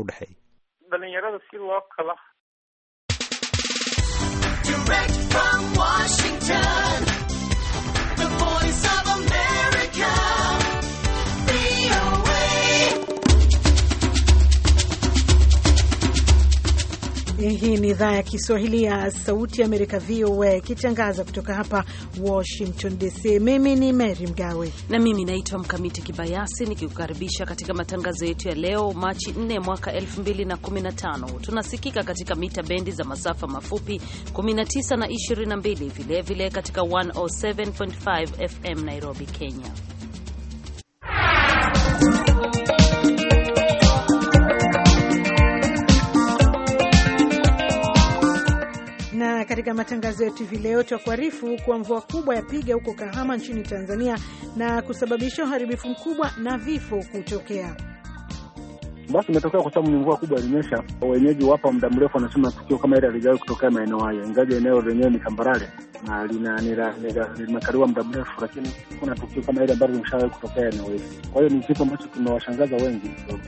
u dhexeeya dhalinyarada si loo kala Hii ni idhaa ya Kiswahili ya Sauti ya Amerika, VOA, ikitangaza kutoka hapa Washington DC. Mimi ni Mary Mgawe na mimi naitwa Mkamiti Kibayasi, nikikukaribisha katika matangazo yetu ya leo Machi 4 mwaka 2015. Tunasikika katika mita bendi za masafa mafupi 19 na 22, vilevile katika 107.5 FM Nairobi, Kenya. katika matangazo yetu hivi leo kuharifu kwa mvua kubwa ya piga huko Kahama nchini Tanzania na kusababisha uharibifu mkubwa na vifo kutokea. Basi imetokea kwa sababu ni mvua kubwa ilinyesha. Wenyeji wapa muda mrefu wanasema tukio kama hili alijawai kutokea maeneo hayo, ingawa eneo lenyewe ni tambarare na limekaliwa muda mrefu, lakini kuna tukio kama hili ambalo limeshawahi kutokea eneo hili. Kwa hiyo ni kitu ambacho kimewashangaza wengi kidogo.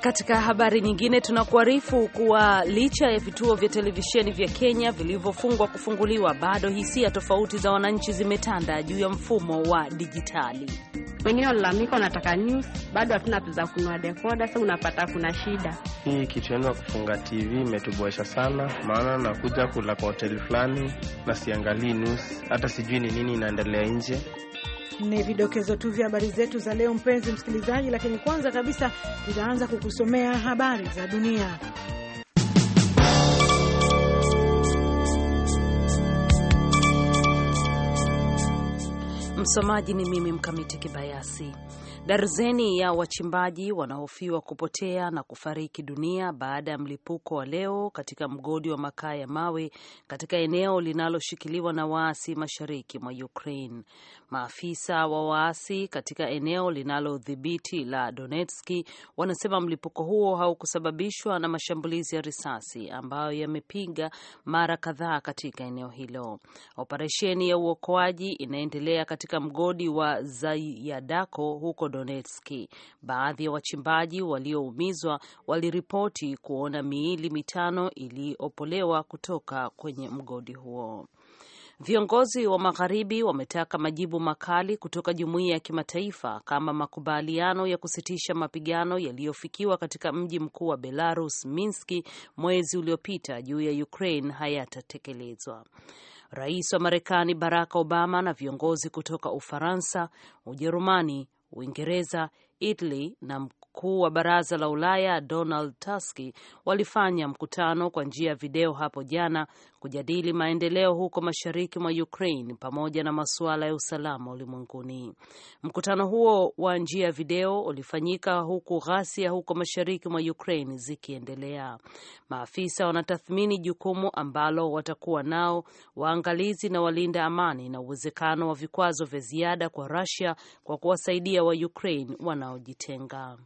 Katika habari nyingine, tunakuarifu kuwa licha ya vituo vya televisheni vya Kenya vilivyofungwa kufunguliwa, bado hisia tofauti za wananchi zimetanda juu ya mfumo wa dijitali. Wengine walalamika wanataka news, bado hatuna pesa kunua dekoda. sa unapata kuna shida. Hii yenu ya kufunga TV imetuboesha sana, maana nakuja kula kwa hoteli fulani na siangalii news, hata sijui ni nini inaendelea nje ni vidokezo tu vya habari zetu za leo, mpenzi msikilizaji, lakini kwanza kabisa tutaanza kukusomea habari za dunia. Msomaji ni mimi Mkamiti Kibayasi. Darzeni ya wachimbaji wanahofiwa kupotea na kufariki dunia baada ya mlipuko wa leo katika mgodi wa makaa ya mawe katika eneo linaloshikiliwa na waasi mashariki mwa Ukraine. Maafisa wa waasi katika eneo linalodhibiti la Donetski wanasema mlipuko huo haukusababishwa na mashambulizi ya risasi ambayo yamepiga mara kadhaa katika eneo hilo. Operesheni ya uokoaji inaendelea katika mgodi wa Zayadako huko Donetski. Baadhi ya wachimbaji walioumizwa waliripoti kuona miili mitano iliyopolewa kutoka kwenye mgodi huo. Viongozi wa magharibi wametaka majibu makali kutoka jumuiya ya kimataifa kama makubaliano ya kusitisha mapigano yaliyofikiwa katika mji mkuu wa Belarus, Minski, mwezi uliopita juu ya Ukraine hayatatekelezwa. Rais wa Marekani Barack Obama na viongozi kutoka Ufaransa, Ujerumani, Uingereza, Italy na mkuu wa Baraza la Ulaya Donald Tusk walifanya mkutano kwa njia ya video hapo jana kujadili maendeleo huko mashariki mwa Ukraine pamoja na masuala ya usalama ulimwenguni. Mkutano huo wa njia ya video ulifanyika huku ghasia huko mashariki mwa Ukraine zikiendelea. Maafisa wanatathmini jukumu ambalo watakuwa nao waangalizi na walinda amani na uwezekano wa vikwazo vya ziada kwa Russia kwa kuwasaidia wa Ukraine wanaojitenga.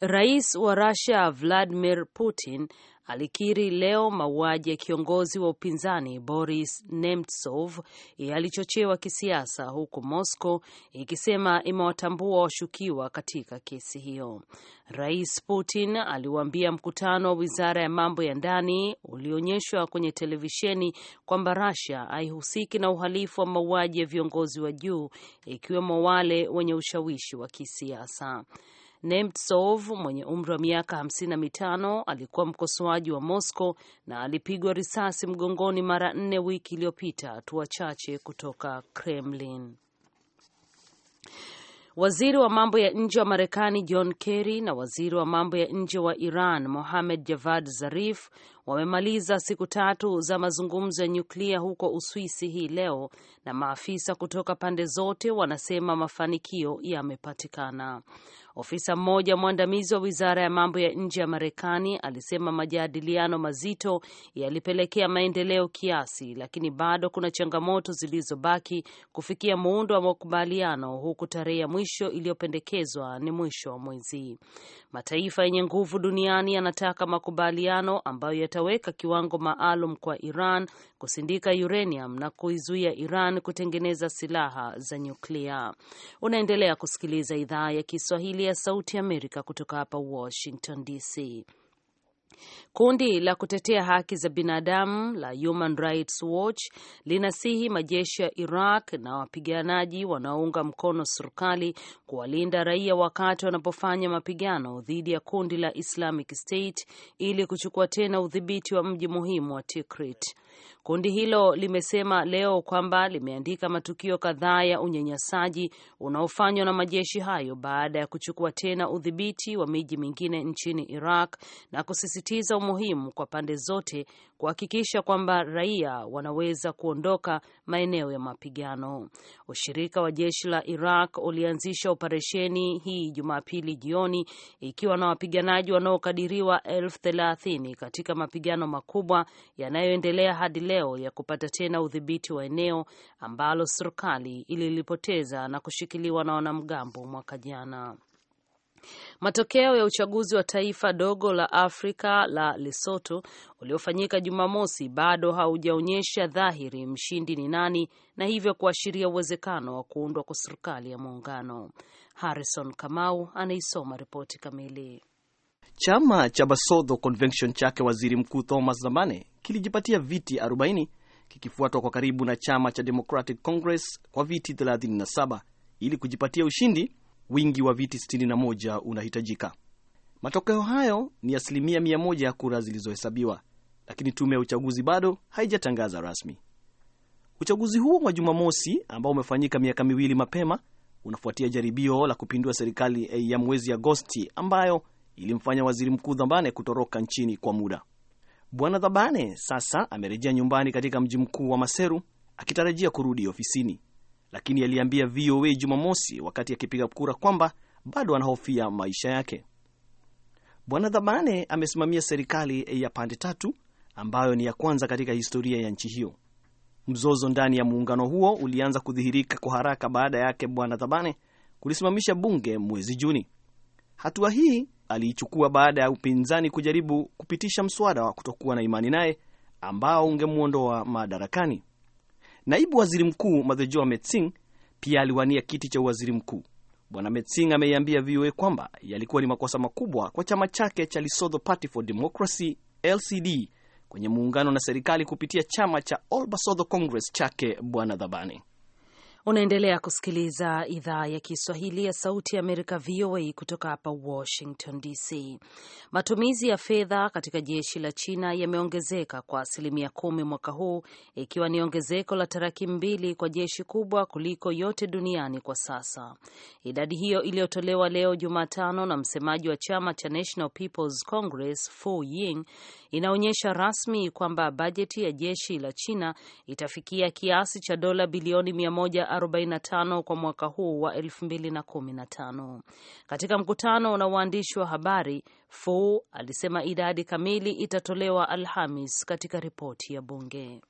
Rais wa rasia Vladimir Putin alikiri leo mauaji ya kiongozi wa upinzani Boris Nemtsov yalichochewa kisiasa, huku Moscow ikisema imewatambua washukiwa katika kesi hiyo. Rais Putin aliwaambia mkutano wa wizara ya mambo ya ndani ulionyeshwa kwenye televisheni kwamba Russia haihusiki na uhalifu wa mauaji ya viongozi wa juu, ikiwemo wale wenye ushawishi wa kisiasa. Nemtsov mwenye umri wa miaka hamsini na mitano alikuwa mkosoaji wa Moscow na alipigwa risasi mgongoni mara nne wiki iliyopita, hatua chache kutoka Kremlin. Waziri wa mambo ya nje wa Marekani John Kerry na waziri wa mambo ya nje wa Iran Mohamed Javad Zarif wamemaliza siku tatu za mazungumzo ya nyuklia huko Uswisi hii leo, na maafisa kutoka pande zote wanasema mafanikio yamepatikana. Ofisa mmoja mwandamizi wa wizara ya mambo ya nje ya Marekani alisema majadiliano mazito yalipelekea maendeleo kiasi, lakini bado kuna changamoto zilizobaki kufikia muundo wa makubaliano, huku tarehe ya mwisho iliyopendekezwa ni mwisho wa mwezi. Mataifa yenye nguvu duniani yanataka makubaliano ambayo yata itaweka kiwango maalum kwa Iran kusindika uranium na kuizuia Iran kutengeneza silaha za nyuklia. Unaendelea kusikiliza idhaa ya Kiswahili ya Sauti ya Amerika kutoka hapa Washington DC. Kundi la kutetea haki za binadamu la Human Rights Watch linasihi majeshi ya Iraq na wapiganaji wanaounga mkono serikali kuwalinda raia wakati wanapofanya mapigano dhidi ya kundi la Islamic State ili kuchukua tena udhibiti wa mji muhimu wa Tikrit. Kundi hilo limesema leo kwamba limeandika matukio kadhaa ya unyanyasaji unaofanywa na majeshi hayo baada ya kuchukua tena udhibiti wa miji mingine nchini Iraq na kusisitiza umuhimu kwa pande zote kuhakikisha kwamba raia wanaweza kuondoka maeneo ya mapigano. Ushirika wa jeshi la Iraq ulianzisha operesheni hii Jumapili jioni ikiwa na wapiganaji wanaokadiriwa elfu thelathini katika mapigano makubwa yanayoendelea hadi leo ya kupata tena udhibiti wa eneo ambalo serikali ililipoteza na kushikiliwa na wanamgambo mwaka jana. Matokeo ya uchaguzi wa taifa dogo la Afrika la Lesotho uliofanyika Jumamosi bado haujaonyesha dhahiri mshindi ni nani, na hivyo kuashiria uwezekano wa kuundwa kwa serikali ya muungano. Harrison Kamau anaisoma ripoti kamili. Chama cha Basotho Convention chake waziri mkuu Thomas Zamane kilijipatia viti 40 kikifuatwa kwa karibu na chama cha Democratic Congress kwa viti 37 ili kujipatia ushindi wingi wa viti 61 unahitajika. Matokeo hayo ni asilimia 100 ya kura zilizohesabiwa, lakini tume ya uchaguzi bado haijatangaza rasmi. Uchaguzi huo wa Jumamosi ambao umefanyika miaka miwili mapema unafuatia jaribio la kupindua serikali ya mwezi Agosti ambayo ilimfanya waziri mkuu Dhabane kutoroka nchini kwa muda. Bwana Dhabane sasa amerejea nyumbani katika mji mkuu wa Maseru akitarajia kurudi ofisini lakini aliambia VOA Jumamosi wakati akipiga kura kwamba bado anahofia maisha yake. Bwana Dhabane amesimamia serikali ya pande tatu ambayo ni ya kwanza katika historia ya nchi hiyo. Mzozo ndani ya muungano huo ulianza kudhihirika kwa haraka baada yake Bwana Dhabane kulisimamisha bunge mwezi Juni. Hatua hii aliichukua baada ya upinzani kujaribu kupitisha mswada wa kutokuwa na imani naye ambao ungemwondoa madarakani. Naibu waziri mkuu Mathejo Metsing pia aliwania kiti cha uwaziri mkuu. Bwana Metsing ameiambia VOA kwamba yalikuwa ni makosa makubwa kwa chama chake cha Lesotho Party for Democracy LCD kwenye muungano na serikali kupitia chama cha All Basotho Congress chake Bwana Dhabane. Unaendelea kusikiliza idhaa ya Kiswahili ya Sauti ya Amerika, VOA, kutoka hapa Washington DC. Matumizi ya fedha katika jeshi la China yameongezeka kwa asilimia kumi mwaka huu, ikiwa ni ongezeko la tarakimu mbili kwa jeshi kubwa kuliko yote duniani kwa sasa. Idadi hiyo iliyotolewa leo Jumatano na msemaji wa chama cha National People's Congress Fu Ying inaonyesha rasmi kwamba bajeti ya jeshi la China itafikia kiasi cha dola bilioni 45 kwa mwaka huu wa 2015. Katika mkutano na waandishi wa habari, Fu alisema idadi kamili itatolewa Alhamis katika ripoti ya bunge.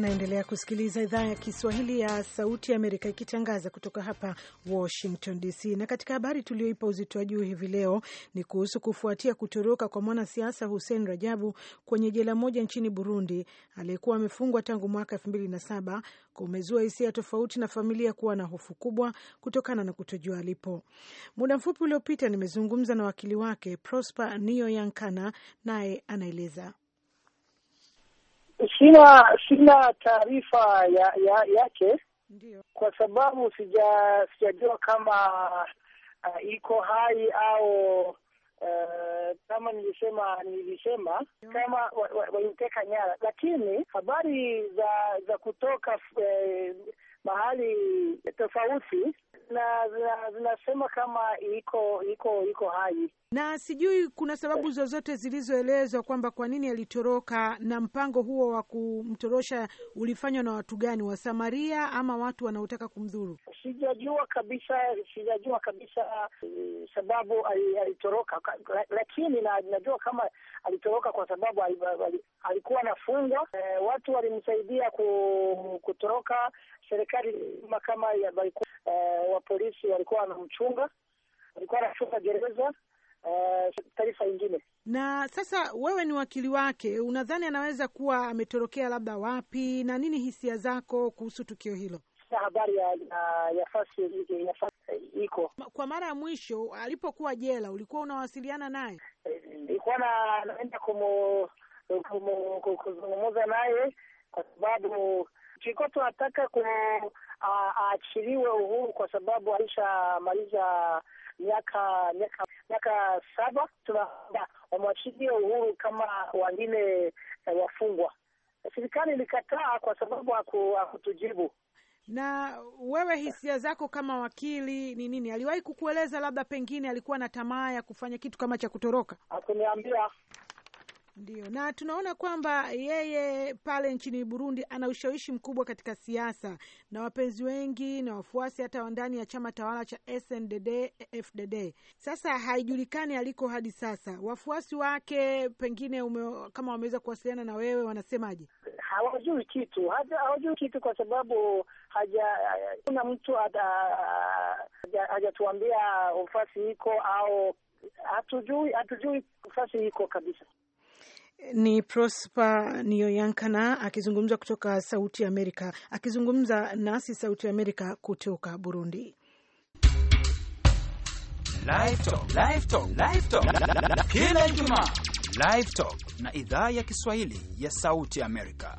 Unaendelea kusikiliza idhaa ya Kiswahili ya Sauti ya Amerika ikitangaza kutoka hapa Washington DC. Na katika habari tulioipa uzito wa juu hivi leo ni kuhusu kufuatia kutoroka kwa mwanasiasa Hussein Rajabu kwenye jela moja nchini Burundi aliyekuwa amefungwa tangu mwaka elfu mbili na saba kumezua hisia tofauti na familia kuwa na hofu kubwa kutokana na kutojua alipo. Muda mfupi uliopita nimezungumza na wakili wake Prosper Nio Yankana, naye anaeleza Sina sina taarifa ya, ya, yake Ndiyo. Kwa sababu sija sijajua kama uh, iko hai au uh, kama nilisema nilisema kama walimteka wa, wa nyara, lakini habari za za kutoka eh, mahali tofauti na zinasema kama iko iko iko hai, na sijui kuna sababu zozote zilizoelezwa kwamba kwa nini alitoroka, na mpango huo wa kumtorosha ulifanywa na watu gani, wa Samaria ama watu wanaotaka kumdhuru? Sijajua kabisa, sijajua kabisa eh, sababu alitoroka, lakini najua kama alitoroka kwa sababu alikuwa anafungwa. E, watu walimsaidia kutoroka. Serikali kama ya baiku, e, wa polisi walikuwa wanamchunga, alikuwa wanachunga gereza. Uh, taarifa ingine. Na sasa wewe ni wakili wake, unadhani anaweza kuwa ametorokea labda wapi, na nini hisia zako kuhusu tukio hilo? habari ya, ya, ya fasi iko. Kwa mara ya mwisho alipokuwa jela, ulikuwa unawasiliana naye? Eh, nilikuwa na naenda kuzungumza naye kwa sababu tulikuwa tunataka aachiliwe uhuru kwa sababu alishamaliza miaka miaka miaka saba. Tunaomba wamwachilie uhuru kama wengine eh, wafungwa. Serikali ilikataa kwa sababu hakutujibu. Na wewe hisia zako kama wakili ni nini? Aliwahi kukueleza labda pengine alikuwa na tamaa ya kufanya kitu kama cha kutoroka? Akuniambia ndio. na tunaona kwamba yeye pale nchini Burundi ana ushawishi mkubwa katika siasa na wapenzi wengi na wafuasi hata ndani ya chama tawala cha SNDD FDD. Sasa haijulikani aliko hadi sasa. Wafuasi wake pengine ume, kama wameweza kuwasiliana na wewe, wanasemaje? Hawajui kitu, hawajui kitu kwa sababu haja kuna mtu hajatuambia ufasi iko au hatujui, hatujui iko kabisa. Ni Prosper nioyankana akizungumza kutoka Sauti Amerika, akizungumza nasi Sauti Amerika kutoka Burundi. Kila Ijumaa Live Talk na idhaa ya Kiswahili ya Sauti Amerika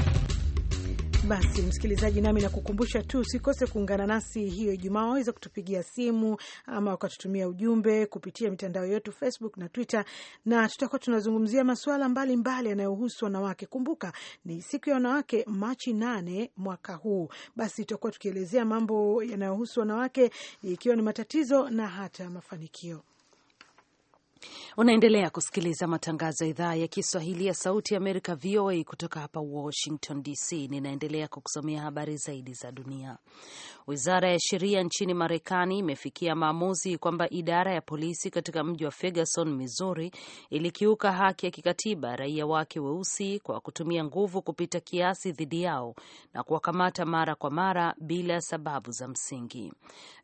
Basi msikilizaji, nami nakukumbusha tu usikose kuungana nasi hiyo Ijumaa. Waweza kutupigia simu ama ukatutumia ujumbe kupitia mitandao yetu Facebook na Twitter, na tutakuwa tunazungumzia masuala mbalimbali yanayohusu wanawake. Kumbuka ni siku ya wanawake Machi nane mwaka huu. Basi tutakuwa tukielezea mambo yanayohusu wanawake, ikiwa ni matatizo na hata mafanikio. Unaendelea kusikiliza matangazo ya idhaa ya Kiswahili ya Sauti ya Amerika, VOA, kutoka hapa Washington DC. Ninaendelea kukusomea habari zaidi za dunia. Wizara ya sheria nchini Marekani imefikia maamuzi kwamba idara ya polisi katika mji wa Ferguson, Missouri, ilikiuka haki ya kikatiba raia wake weusi kwa kutumia nguvu kupita kiasi dhidi yao na kuwakamata mara kwa mara bila sababu za msingi.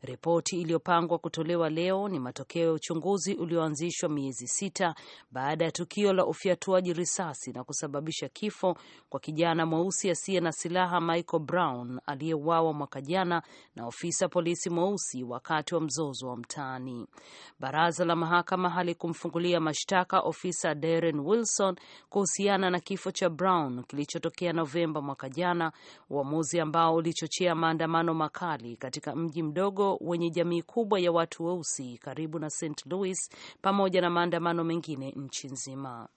Ripoti iliyopangwa kutolewa leo ni matokeo ya uchunguzi ulioanzishwa ikiwa miezi sita baada ya tukio la ufyatuaji risasi na kusababisha kifo kwa kijana mweusi asiye na silaha Michael Brown aliyeuawa mwaka jana na ofisa polisi mweusi wakati wa mzozo wa mtaani. Baraza la mahakama halikumfungulia mashtaka ofisa Darren Wilson kuhusiana na kifo cha Brown kilichotokea Novemba mwaka jana, uamuzi ambao ulichochea maandamano makali katika mji mdogo wenye jamii kubwa ya watu weusi karibu na St Louis pamoja pamoja na maandamano mengine nchi nzima.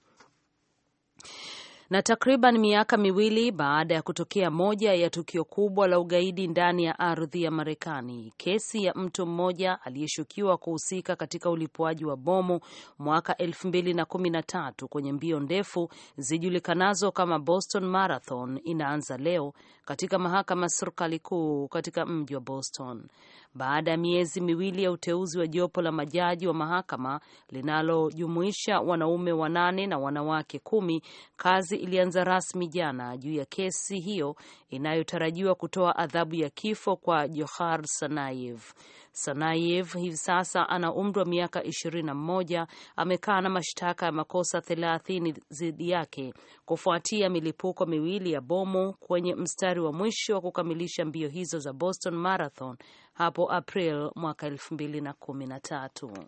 Na takriban miaka miwili baada ya kutokea moja ya tukio kubwa la ugaidi ndani ya ardhi ya Marekani, kesi ya mtu mmoja aliyeshukiwa kuhusika katika ulipuaji wa bomu mwaka 2013 kwenye mbio ndefu zijulikanazo kama Boston Marathon inaanza leo katika mahakama serkali serikali kuu katika mji wa Boston baada ya miezi miwili ya uteuzi wa jopo la majaji wa mahakama linalojumuisha wanaume wanane na wanawake kumi. Kazi ilianza rasmi jana juu ya kesi hiyo inayotarajiwa kutoa adhabu ya kifo kwa Johar Sanayev. Sanayev hivi sasa ana umri wa miaka ishirini na mmoja. Amekaa na mashtaka ya makosa thelathini dhidi yake kufuatia milipuko miwili ya bomu kwenye mstari wa mwisho wa kukamilisha mbio hizo za Boston Marathon hapo April mwaka 2013.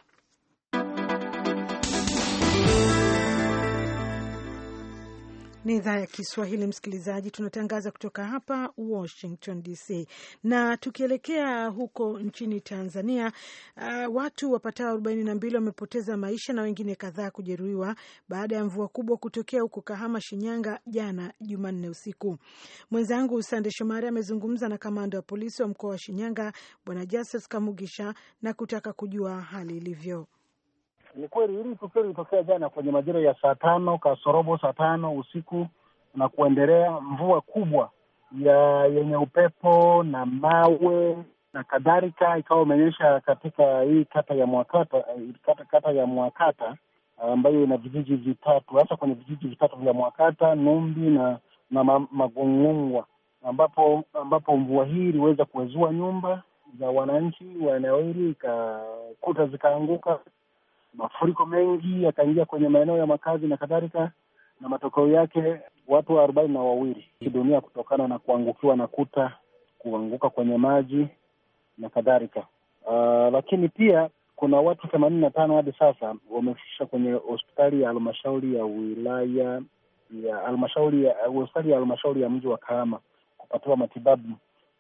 ni idhaa ya Kiswahili. Msikilizaji, tunatangaza kutoka hapa Washington DC, na tukielekea huko nchini Tanzania, uh, watu wapatao arobaini na mbili wamepoteza maisha na wengine kadhaa kujeruhiwa baada ya mvua kubwa kutokea huko Kahama, Shinyanga jana Jumanne usiku. Mwenzangu Sande Shomari amezungumza na kamanda wa polisi wa mkoa wa Shinyanga Bwana Justus Kamugisha na kutaka kujua hali ilivyo. Ni kweli hili tukio lilitokea jana kwenye majira ya saa tano kasorobo saa tano usiku na kuendelea, mvua kubwa ya yenye upepo na mawe na kadhalika ikawa umeonyesha katika hii kata ya Mwakata, kata, kata ya Mwakata ambayo ina vijiji vitatu, hasa kwenye vijiji vitatu vya Mwakata, Numbi na na Magungungwa, ambapo ambapo mvua hii iliweza kuwezua nyumba za wananchi wa eneo hili, ikakuta zikaanguka mafuriko mengi yakaingia kwenye maeneo ya makazi na kadhalika, na matokeo yake watu arobaini na wawili kidunia kutokana na kuangukiwa na kuta, kuanguka kwenye maji na kadhalika. Uh, lakini pia kuna watu themanini na tano hadi sasa wamefikisha kwenye hospitali ya halmashauri ya wilaya ya halmashauri ya hospitali ya halmashauri ya mji wa Kahama kupatiwa matibabu,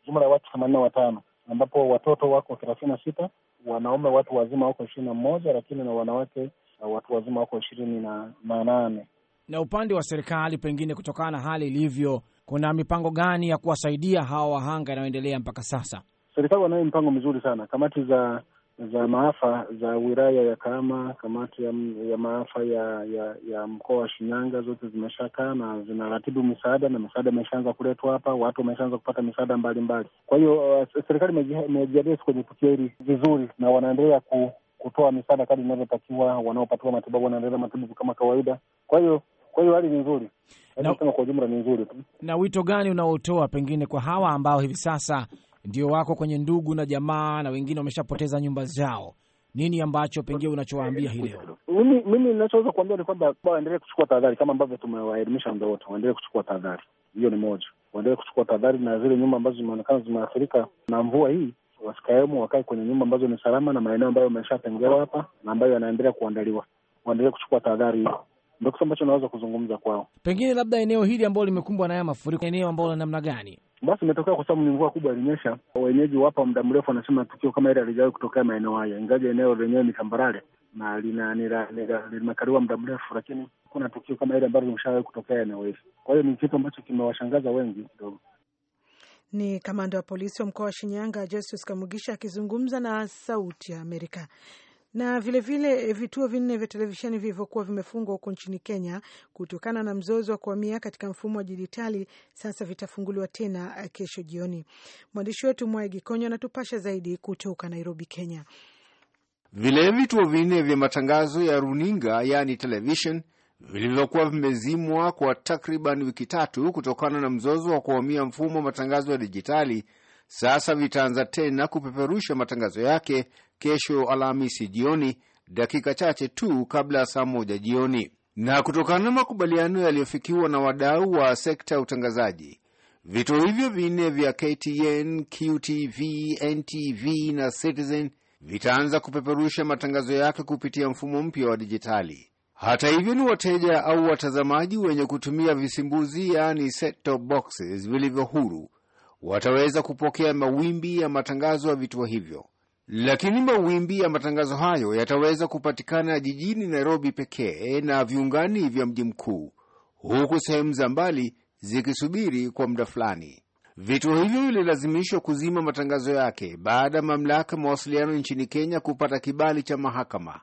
jumla ya watu themanini na watano ambapo watoto wako thelathini na sita wanaume watu wazima wako ishirini na moja lakini na wanawake uh, watu wazima wako ishirini na manane Na upande wa serikali, pengine kutokana na hali ilivyo, kuna mipango gani ya kuwasaidia hawa wahanga yanayoendelea mpaka sasa? Serikali wanayo mipango mizuri sana. Kamati za za maafa za wilaya ya Kahama, kamati ya, ya maafa ya ya, ya mkoa wa Shinyanga zote zimeshakaa na zinaratibu misaada na misaada imeshaanza kuletwa hapa, watu wameshaanza kupata misaada mbalimbali. Kwa hiyo uh, serikali imejiadresi kwenye tukio hili vizuri na wanaendelea ku, kutoa misaada kadri inavyotakiwa. Wanaopatiwa matibabu wanaendelea matibabu kama kawaida. kwa hiyo kwa hiyo hali ni nzuri na, kwa ujumla ni nzuri Na wito gani unaotoa pengine kwa hawa ambao hivi sasa ndio wako kwenye ndugu na jamaa na wengine wameshapoteza nyumba zao. Nini ambacho pengine unachowaambia hii leo? Mimi mimi ninachoweza kuambia ni kwamba waendelee kuchukua tahadhari kama ambavyo tumewaelimisha muda wote, waendelee kuchukua tahadhari. Hiyo ni moja, waendelee kuchukua tahadhari, na zile nyumba ambazo zimeonekana zimeathirika na mvua hii, wasikaemu wakae kwenye nyumba ambazo ni salama na maeneo ambayo wameshatengewa hapa na ambayo yanaendelea kuandaliwa, waendelee kuchukua tahadhari hiyo ndio kitu ambacho naweza kuzungumza kwao. Pengine labda eneo hili ambalo limekumbwa na haya mafuriko, eneo ambalo la namna gani? Basi imetokea kwa sababu ni mvua kubwa ilinyesha. Wenyeji wapa muda mrefu wanasema tukio kama hili halijawahi kutokea maeneo haya, ingaja eneo lenyewe ni tambarare na limekaliwa muda mrefu, lakini kuna tukio kama hili ambalo limeshawahi kutokea eneo hili. Kwa hiyo ni kitu ambacho kimewashangaza wengi kidogo. Ni kamanda wa polisi wa mkoa wa Shinyanga, Justus Kamugisha, akizungumza na Sauti ya Amerika na vilevile vile eh, vituo vinne vya televisheni vilivyokuwa vimefungwa huko nchini Kenya kutokana na mzozo wa kuhamia katika mfumo wa dijitali sasa vitafunguliwa tena eh, kesho jioni. Mwandishi wetu Mwae Gikonyo anatupasha zaidi kutoka Nairobi, Kenya. Vile vituo vinne vya matangazo ya runinga yani televishen vilivyokuwa vimezimwa kwa takriban wiki tatu kutokana na mzozo wa kuhamia mfumo wa matangazo ya dijitali sasa vitaanza tena kupeperusha matangazo yake kesho Alhamisi jioni, dakika chache tu kabla ya saa moja jioni. Na kutokana na makubaliano yaliyofikiwa na wadau wa sekta ya utangazaji, vituo hivyo vinne vya KTN, QTV, NTV na Citizen vitaanza kupeperusha matangazo yake kupitia mfumo mpya wa dijitali. Hata hivyo, ni wateja au watazamaji wenye kutumia visimbuzi, yaani set-top boxes, vilivyo huru wataweza kupokea mawimbi ya matangazo ya vituo hivyo. Lakini mawimbi ya matangazo hayo yataweza kupatikana jijini Nairobi pekee na viungani vya mji mkuu, huku sehemu za mbali zikisubiri kwa muda fulani. Vituo hivyo vililazimishwa kuzima matangazo yake baada ya mamlaka mawasiliano nchini Kenya kupata kibali cha mahakama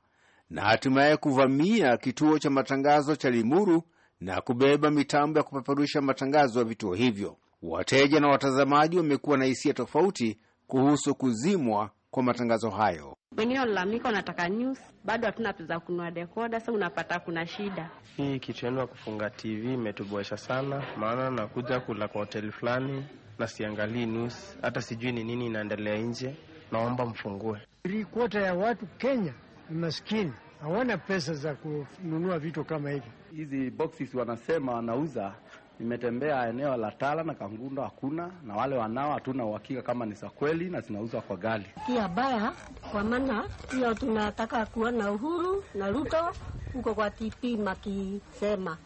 na hatimaye kuvamia kituo cha matangazo cha Limuru na kubeba mitambo ya kupeperusha matangazo ya vituo hivyo. Wateja na watazamaji wamekuwa na hisia tofauti kuhusu kuzimwa kwa matangazo hayo. Wengine walalamika wanataka news, bado hatuna pesa za dekoda. sa unapata kuna shida hii. yenu ya kufunga TV imetuboesha sana, maana nakuja kula kwa hoteli fulani na siangalii news, hata sijui ni nini inaendelea nje. Naomba mfungue. Rikota ya watu Kenya ni maskini, hawana pesa za kununua vitu kama hivi. Hizi boxes wanasema wanauza Nimetembea eneo la Tala na Kangundo, hakuna na wale wanao, hatuna uhakika kama ni za kweli na zinauzwa kwa gali. Pia baya kwa maana pia tunataka kuona Uhuru na Ruto huko kwa TP makisema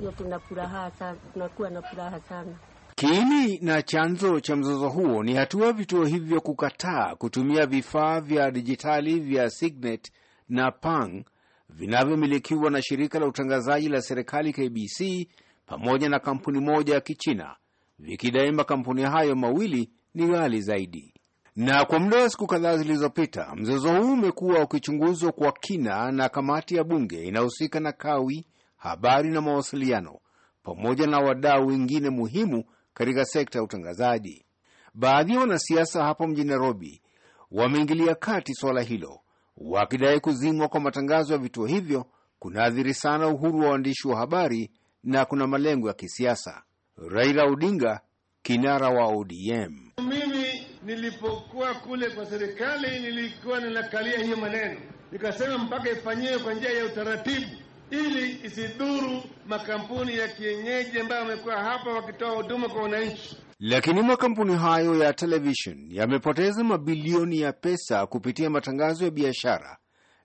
hiyo, tuna furaha sana, tunakuwa na furaha sana. Kiini na chanzo cha mzozo huo ni hatua vituo hivyo kukataa kutumia vifaa vya dijitali vya Signet na Pang vinavyomilikiwa na shirika la utangazaji la serikali KBC pamoja na kampuni moja ya Kichina, vikidai makampuni hayo mawili ni ghali zaidi. Na kwa muda wa siku kadhaa zilizopita, mzozo huu umekuwa ukichunguzwa kwa kina na kamati ya bunge inayohusika na kawi, habari na mawasiliano, pamoja na wadau wengine muhimu katika sekta ya utangazaji. Baadhi ya wanasiasa hapo mjini Nairobi wameingilia kati suala hilo, wakidai kuzimwa kwa matangazo ya vituo hivyo kunaathiri sana uhuru wa waandishi wa habari na kuna malengo ya kisiasa. Raila Odinga, kinara wa ODM: mimi nilipokuwa kule kwa serikali nilikuwa ninakalia hiyo maneno, nikasema mpaka ifanyiwe kwa njia ya utaratibu ili isidhuru makampuni ya kienyeji ambayo wamekuwa hapa wakitoa huduma kwa wananchi. Lakini makampuni hayo ya televishen yamepoteza mabilioni ya pesa kupitia matangazo ya biashara,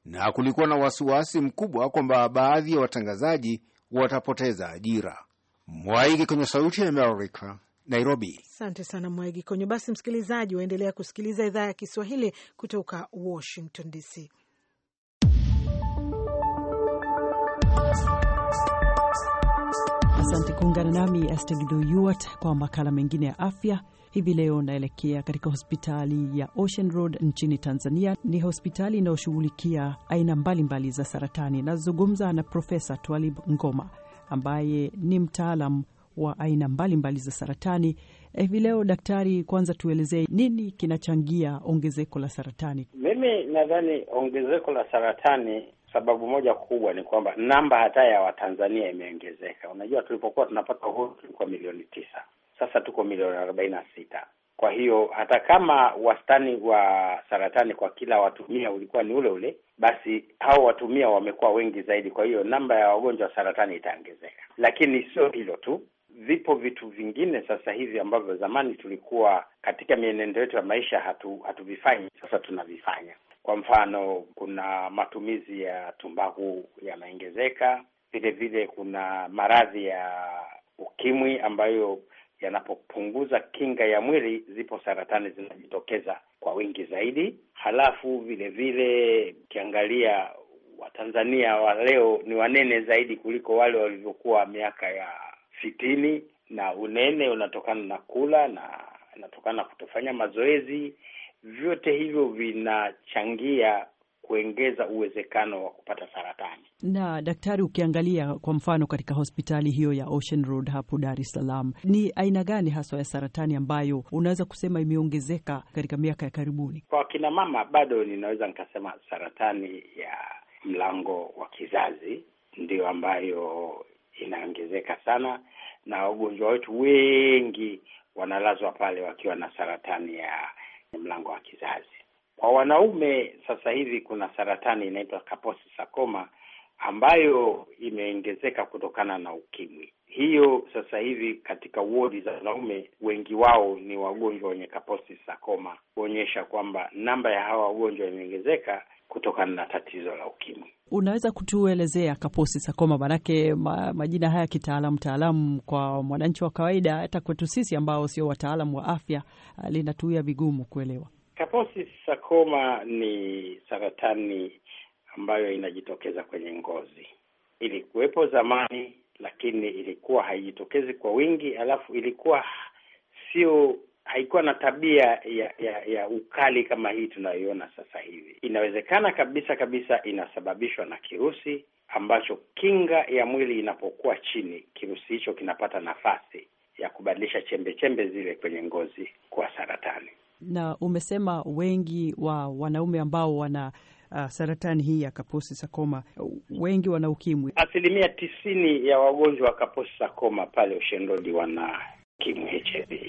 na kulikuwa na wasiwasi mkubwa kwamba baadhi ya watangazaji watapoteza ajira. Mwaigi kwenye Sauti ya Amerika, Nairobi. Asante sana Mwaigi kwenye. Basi msikilizaji, waendelea kusikiliza idhaa ya Kiswahili kutoka Washington DC. Asante kuungana nami Astagidho Yuat kwa makala mengine ya afya Hivi leo naelekea katika hospitali ya Ocean Road nchini Tanzania. Ni hospitali inayoshughulikia aina mbalimbali mbali za saratani. Nazungumza na Profesa Twalib Ngoma ambaye ni mtaalam wa aina mbalimbali mbali za saratani. Hivi leo daktari, kwanza tuelezee nini kinachangia ongezeko la saratani? Mimi nadhani ongezeko la saratani sababu moja kubwa ni kwamba namba hata ya Watanzania imeongezeka. Unajua, tulipokuwa tunapata uhuru tulikuwa milioni tisa, sasa tuko milioni arobaini na sita. Kwa hiyo hata kama wastani wa saratani kwa kila watumia ulikuwa ni ule ule, basi hao watumia wamekuwa wengi zaidi, kwa hiyo namba ya wagonjwa wa saratani itaongezeka. Lakini sio hilo tu, vipo vitu vingine sasa hivi ambavyo zamani tulikuwa katika mienendo yetu ya maisha hatu hatuvifanyi, sasa tunavifanya. Kwa mfano, kuna matumizi ya tumbaku yanaongezeka, vile vile kuna maradhi ya ukimwi ambayo yanapopunguza kinga ya mwili, zipo saratani zinajitokeza kwa wingi zaidi. Halafu vilevile ukiangalia Watanzania wa leo ni wanene zaidi kuliko wale walivyokuwa miaka ya sitini, na unene unatokana na kula na inatokana na kutofanya mazoezi. Vyote hivyo vinachangia kuongeza uwezekano wa kupata saratani. Na daktari, ukiangalia kwa mfano katika hospitali hiyo ya Ocean Road hapo Dar es Salaam, ni aina gani haswa ya saratani ambayo unaweza kusema imeongezeka katika miaka ya karibuni? Kwa wakina mama, bado ninaweza nikasema saratani ya mlango wa kizazi ndiyo ambayo inaongezeka sana, na wagonjwa wetu wengi wanalazwa pale wakiwa na saratani ya mlango wa kizazi. Kwa wanaume sasa hivi kuna saratani inaitwa Kaposi sakoma ambayo imeongezeka kutokana na ukimwi. Hiyo sasa hivi katika wodi za wanaume wengi wao ni wagonjwa wenye Kaposi sakoma, kuonyesha kwamba namba ya hawa wagonjwa imeongezeka kutokana na tatizo la ukimwi. Unaweza kutuelezea Kaposi sakoma, maanake ma, majina haya kitaalamu taalamu kwa mwananchi wa kawaida, hata kwetu sisi ambao sio wataalamu wa afya, linatuia vigumu kuelewa. Kaposi sakoma ni saratani ambayo inajitokeza kwenye ngozi. Ilikuwepo zamani, lakini ilikuwa haijitokezi kwa wingi, alafu ilikuwa sio haikuwa na tabia ya, ya ya ukali kama hii tunayoiona sasa hivi. Inawezekana kabisa kabisa inasababishwa na kirusi ambacho kinga ya mwili inapokuwa chini, kirusi hicho kinapata nafasi ya kubadilisha chembe chembe zile kwenye ngozi kuwa saratani na umesema wengi wa wanaume ambao wana uh, saratani hii ya Kaposi sakoma wengi wana ukimwi. Asilimia tisini ya wagonjwa wa Kaposi sakoma pale Ocean Road wana ukimwi HIV.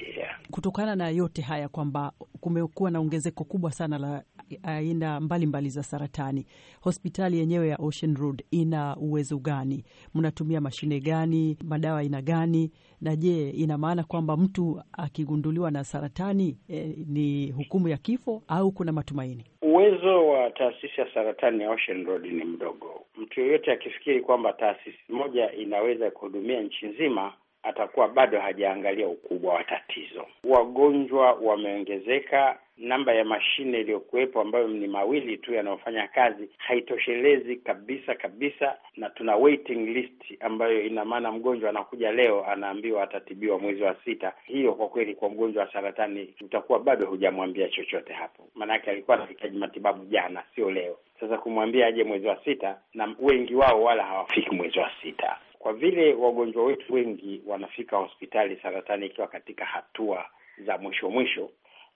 Kutokana na yote haya kwamba kumekuwa na ongezeko kubwa sana la aina mbalimbali mbali za saratani. Hospitali yenyewe ya Ocean Road ina uwezo gani? Mnatumia mashine gani? Madawa aina gani? Na je, ina maana kwamba mtu akigunduliwa na saratani e, ni hukumu ya kifo au kuna matumaini? Uwezo wa taasisi ya saratani ya Ocean Road ni mdogo. Mtu yeyote akifikiri kwamba taasisi moja inaweza kuhudumia nchi nzima atakuwa bado hajaangalia ukubwa wa tatizo. Wagonjwa wameongezeka namba ya mashine iliyokuwepo ambayo ni mawili tu yanayofanya kazi haitoshelezi kabisa kabisa, na tuna waiting list ambayo ina maana mgonjwa anakuja leo anaambiwa atatibiwa mwezi wa sita. Hiyo kwa kweli, kwa mgonjwa wa saratani utakuwa bado hujamwambia chochote hapo, maanake alikuwa anahitaji matibabu jana, sio leo. Sasa kumwambia aje mwezi wa sita, na wengi wao wala hawafiki mwezi wa sita, kwa vile wagonjwa wetu wengi wanafika hospitali saratani ikiwa katika hatua za mwisho mwisho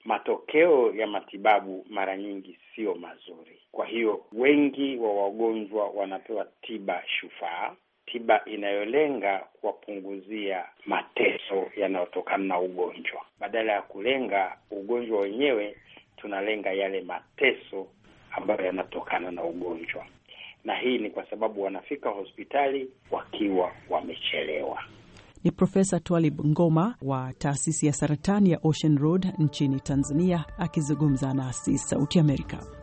matokeo ya matibabu mara nyingi sio mazuri. Kwa hiyo wengi wa wagonjwa wanapewa tiba shufaa, tiba inayolenga kuwapunguzia mateso yanayotokana na ugonjwa. Badala ya kulenga ugonjwa wenyewe, tunalenga yale mateso ambayo yanatokana na ugonjwa, na hii ni kwa sababu wanafika hospitali wakiwa wamechelewa ni Profesa Twalib Ngoma wa taasisi ya saratani ya Ocean Road nchini Tanzania akizungumza nasi Sauti Amerika.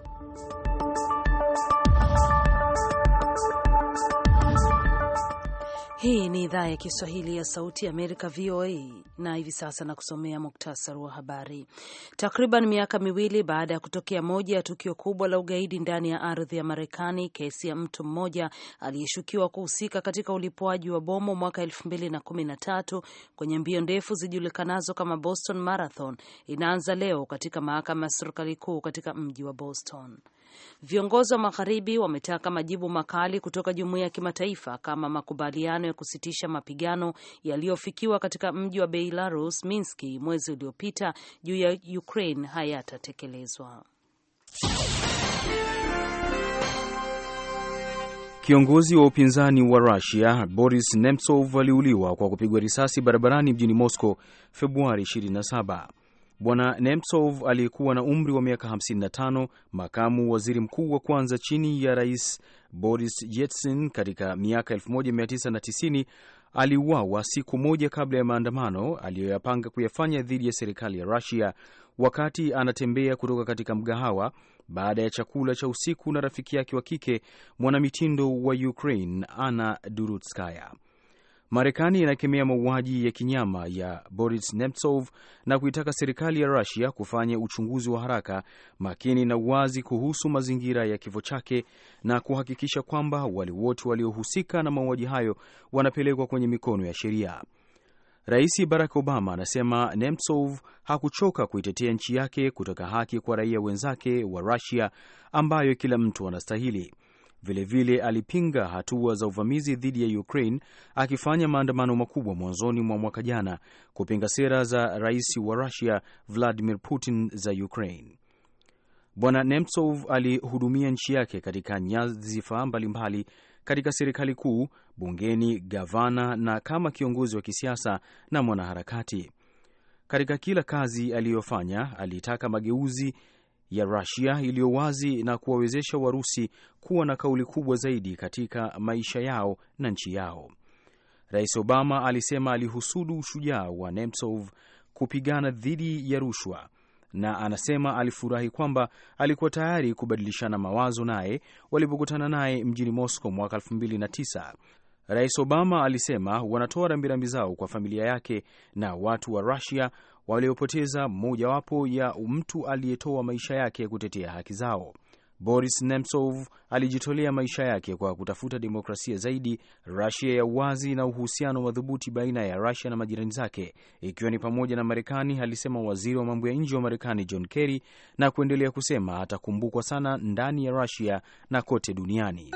Hii ni idhaa ya Kiswahili ya Sauti ya Amerika, VOA, na hivi sasa na kusomea muktasari wa habari. Takriban miaka miwili baada ya kutokea moja ya tukio kubwa la ugaidi ndani ya ardhi ya Marekani, kesi ya mtu mmoja aliyeshukiwa kuhusika katika ulipuaji wa bomu mwaka elfu mbili na kumi na tatu kwenye mbio ndefu zijulikanazo kama Boston Marathon inaanza leo katika mahakama ya serikali kuu katika mji wa Boston. Viongozi wa Magharibi wametaka majibu makali kutoka jumuiya ya kimataifa kama makubaliano ya kusitisha mapigano yaliyofikiwa katika mji wa Belarus, Minski, mwezi uliopita juu ya Ukraine hayatatekelezwa. Kiongozi wa upinzani wa Rusia Boris Nemtsov aliuliwa kwa kupigwa risasi barabarani mjini Moscow Februari 27. Bwana Nemtsov aliyekuwa na umri wa miaka 55, makamu waziri mkuu wa kwanza chini ya Rais Boris Yeltsin katika miaka 1990, aliuawa siku moja kabla ya maandamano aliyoyapanga kuyafanya dhidi ya serikali ya Rusia wakati anatembea kutoka katika mgahawa baada ya chakula cha usiku na rafiki yake wa kike mwanamitindo wa Ukraine Anna Durutskaya. Marekani inakemea mauaji ya kinyama ya Boris Nemtsov na kuitaka serikali ya Rusia kufanya uchunguzi wa haraka, makini na uwazi kuhusu mazingira ya kifo chake na kuhakikisha kwamba wale wote waliohusika na mauaji hayo wanapelekwa kwenye mikono ya sheria. Rais Barack Obama anasema Nemtsov hakuchoka kuitetea nchi yake kutaka haki kwa raia wenzake wa Rusia ambayo kila mtu anastahili. Vilevile alipinga hatua za uvamizi dhidi ya Ukraine, akifanya maandamano makubwa mwanzoni mwa mwaka jana kupinga sera za rais wa Rusia Vladimir Putin za Ukraine. Bwana Nemtsov alihudumia nchi yake katika nyadhifa mbalimbali katika serikali kuu, bungeni, gavana na kama kiongozi wa kisiasa na mwanaharakati. Katika kila kazi aliyofanya, alitaka mageuzi ya rusia iliyo wazi na kuwawezesha Warusi kuwa na kauli kubwa zaidi katika maisha yao na nchi yao. Rais Obama alisema alihusudu ushujaa wa Nemtsov kupigana dhidi ya rushwa na anasema alifurahi kwamba alikuwa tayari kubadilishana mawazo naye walipokutana naye mjini Moscow mwaka 2009. Rais Obama alisema wanatoa rambirambi zao kwa familia yake na watu wa rusia waliopoteza mojawapo ya mtu aliyetoa maisha yake kutetea haki zao. Boris Nemtsov alijitolea maisha yake kwa kutafuta demokrasia zaidi, rasia ya uwazi na uhusiano madhubuti baina ya rasia na majirani zake, ikiwa ni pamoja na Marekani, alisema waziri wa mambo ya nje wa Marekani John Kerry, na kuendelea kusema atakumbukwa sana ndani ya rasia na kote duniani.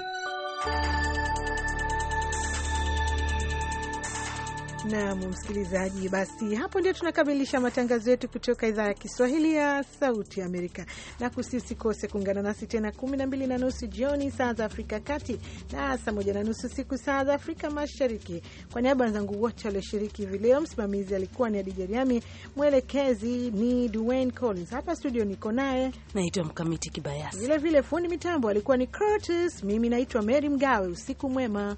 Nam msikilizaji, basi hapo ndio tunakamilisha matangazo yetu kutoka idhaa ya Kiswahili ya Sauti Amerika, na kusisikose kuungana nasi tena kumi na mbili na nusu jioni saa za Afrika kati na saa moja na nusu siku saa za Afrika Mashariki. Kwa niaba wenzangu wote walioshiriki hivi leo, msimamizi alikuwa ni Adija Riami, mwelekezi ni Duane Collins, hapa studio niko naye naitwa Mkamiti Kibayasi, vilevile fundi mitambo alikuwa ni Curtis, mimi naitwa Mary Mgawe. Usiku mwema.